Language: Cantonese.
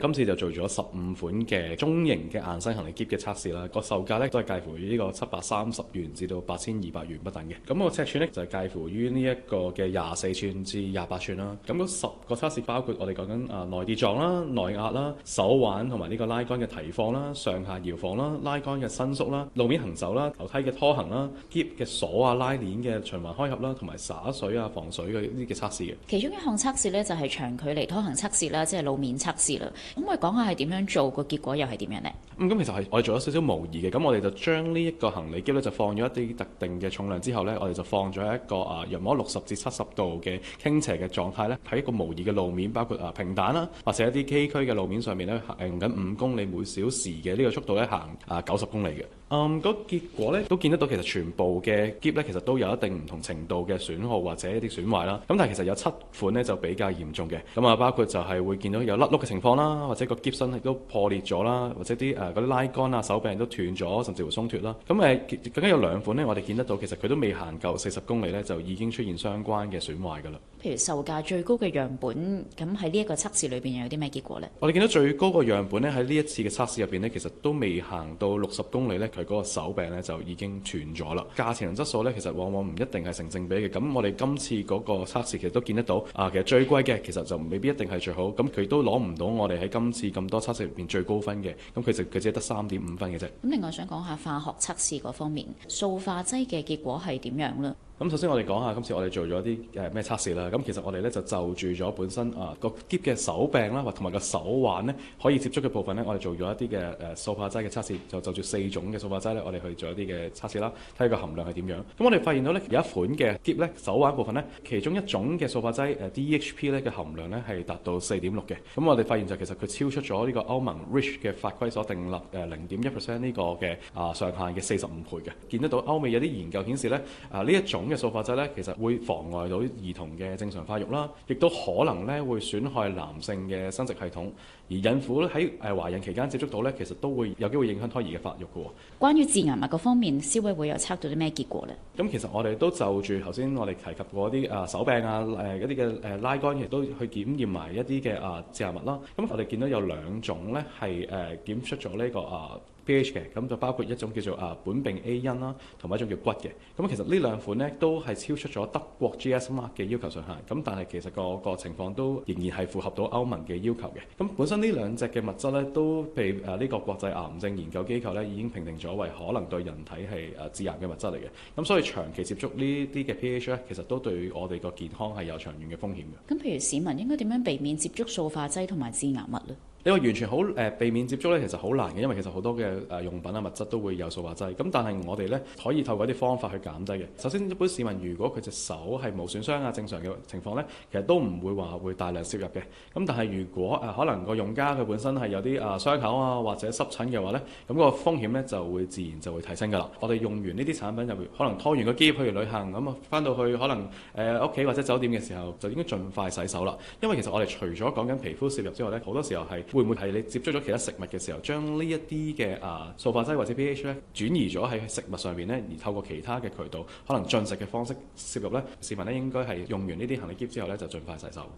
今次就做咗十五款嘅中型嘅硬身行李喼嘅測試啦。個售價呢都係介乎於呢個七百三十元至到八千二百元不等嘅。咁、那個尺寸呢，就係、是、介乎於呢一個嘅廿四寸至廿八寸啦。咁嗰十個測試包括我哋講緊啊內跌撞啦、內壓啦、手腕同埋呢個拉桿嘅提放啦、上下搖晃啦、拉桿嘅伸縮啦、路面行走啦、樓梯嘅拖行啦、喼嘅鎖啊、拉鏈嘅循環開合啦，同埋灑水啊、防水嘅呢啲嘅測試嘅。其中一項測試呢，就係、是、長距離拖行測試啦，即係路面測試啦。咁我講下係點樣做，個結果又係點樣呢？咁、嗯嗯、其實係我哋做咗少少模擬嘅，咁我哋就將呢一個行李喼呢，就放咗一啲特定嘅重量之後呢，我哋就放咗一個啊，約莫六十至七十度嘅傾斜嘅狀態呢，喺一個模擬嘅路面，包括啊平坦啦、啊，或者一啲崎嶇嘅路面上面呢，行緊五公里每小時嘅呢個速度咧，行啊九十公里嘅。嗯，嗰、那個、結果呢都見得到，其實全部嘅喼呢，其實都有一定唔同程度嘅損耗或者一啲損壞啦。咁但係其實有七款呢就比較嚴重嘅，咁啊包括就係會見到有甩碌嘅情況啦，或者個喼身都破裂咗啦，或者啲誒啲拉桿啊手柄都斷咗，甚至乎鬆脫啦。咁、嗯、誒，更加有兩款呢，我哋見得到其實佢都未行夠四十公里呢，就已經出現相關嘅損壞㗎啦。譬如售價最高嘅樣本，咁喺呢一個測試裏邊又有啲咩結果呢？我哋見到最高個樣本咧，喺呢一次嘅測試入邊呢，其實都未行到六十公里呢，佢嗰個手柄呢就已經斷咗啦。價錢同質素呢，其實往往唔一定係成正比嘅。咁我哋今次嗰個測試其實都見得到，啊，其實最貴嘅其實就未必一定係最好，咁佢都攞唔到我哋喺今次咁多測試入邊最高分嘅，咁其實佢只係得三點五分嘅啫。咁另外想講下化學測試嗰方面，塑化劑嘅結果係點樣咧？咁首先我哋講下今次我哋做咗啲誒咩測試啦。咁其實我哋咧就就住咗本身啊個喼嘅手柄啦，或同埋個手挽呢，可以接觸嘅部分呢。我哋做咗一啲嘅誒塑化劑嘅測試，就就住四種嘅塑化劑呢。我哋去做一啲嘅測試啦，睇下個含量係點樣。咁我哋發現到呢，有一款嘅喼呢，手挽部分呢，其中一種嘅塑化劑誒、呃、DHP 呢嘅含量呢係達到四點六嘅。咁我哋發現就其實佢超出咗呢個歐盟 REACH 嘅法規所定立嘅零點一 percent 呢個嘅啊上限嘅四十五倍嘅。見得到歐美有啲研究顯示咧啊呢一種嘅塑化劑咧，其實會妨礙到兒童嘅正常發育啦，亦都可能咧會損害男性嘅生殖系統。而孕婦喺誒懷孕期間接觸到咧，其實都會有機會影響胎兒嘅發育嘅、哦。關於致癌物嗰方面，消委會有測到啲咩結果咧？咁、嗯、其實我哋都就住頭先我哋提及過啲誒手柄啊，誒一啲嘅誒拉桿，亦都去檢驗埋一啲嘅啊致癌物啦。咁、嗯、我哋見到有兩種咧係誒檢出咗呢個啊 B H 嘅，咁、嗯、就包括一種叫做啊苯並 A 因啦，同埋一種叫骨嘅。咁、嗯、其，其，其實呢兩款咧。都係超出咗德國 G.S.Mark 嘅要求上限，咁但係其實個個情況都仍然係符合到歐盟嘅要求嘅。咁本身呢兩隻嘅物質咧，都被誒呢個國際癌症研究機構咧已經評定咗為可能對人體係誒致癌嘅物質嚟嘅。咁所以長期接觸呢啲嘅 P.H. 咧，其實都對我哋個健康係有長遠嘅風險嘅。咁譬如市民應該點樣避免接觸塑化劑同埋致癌物呢？你話完全好誒避免接觸咧，其實好難嘅，因為其實好多嘅誒用品啊物質都會有塑化劑。咁但係我哋咧可以透過一啲方法去減低嘅。首先市民如果佢隻手係無損傷啊，正常嘅情況呢，其實都唔會話會大量攝入嘅。咁但係如果誒、呃、可能個用家佢本身係有啲啊、呃、傷口啊或者濕疹嘅話呢，咁個風險呢就會自然就會提升噶啦。我哋用完呢啲產品入面，可能拖完個機去旅行，咁啊翻到去可能誒屋企或者酒店嘅時候，就應該盡快洗手啦。因為其實我哋除咗講緊皮膚攝入之外呢，好多時候係會唔會係你接觸咗其他食物嘅時候，將呢一啲嘅啊塑化劑或者 pH 呢轉移咗喺食物上面呢，而透過其他嘅渠道可能進食。嘅方式攝入咧，市民咧應該係用完呢啲行李喼之後咧，就盡快洗手。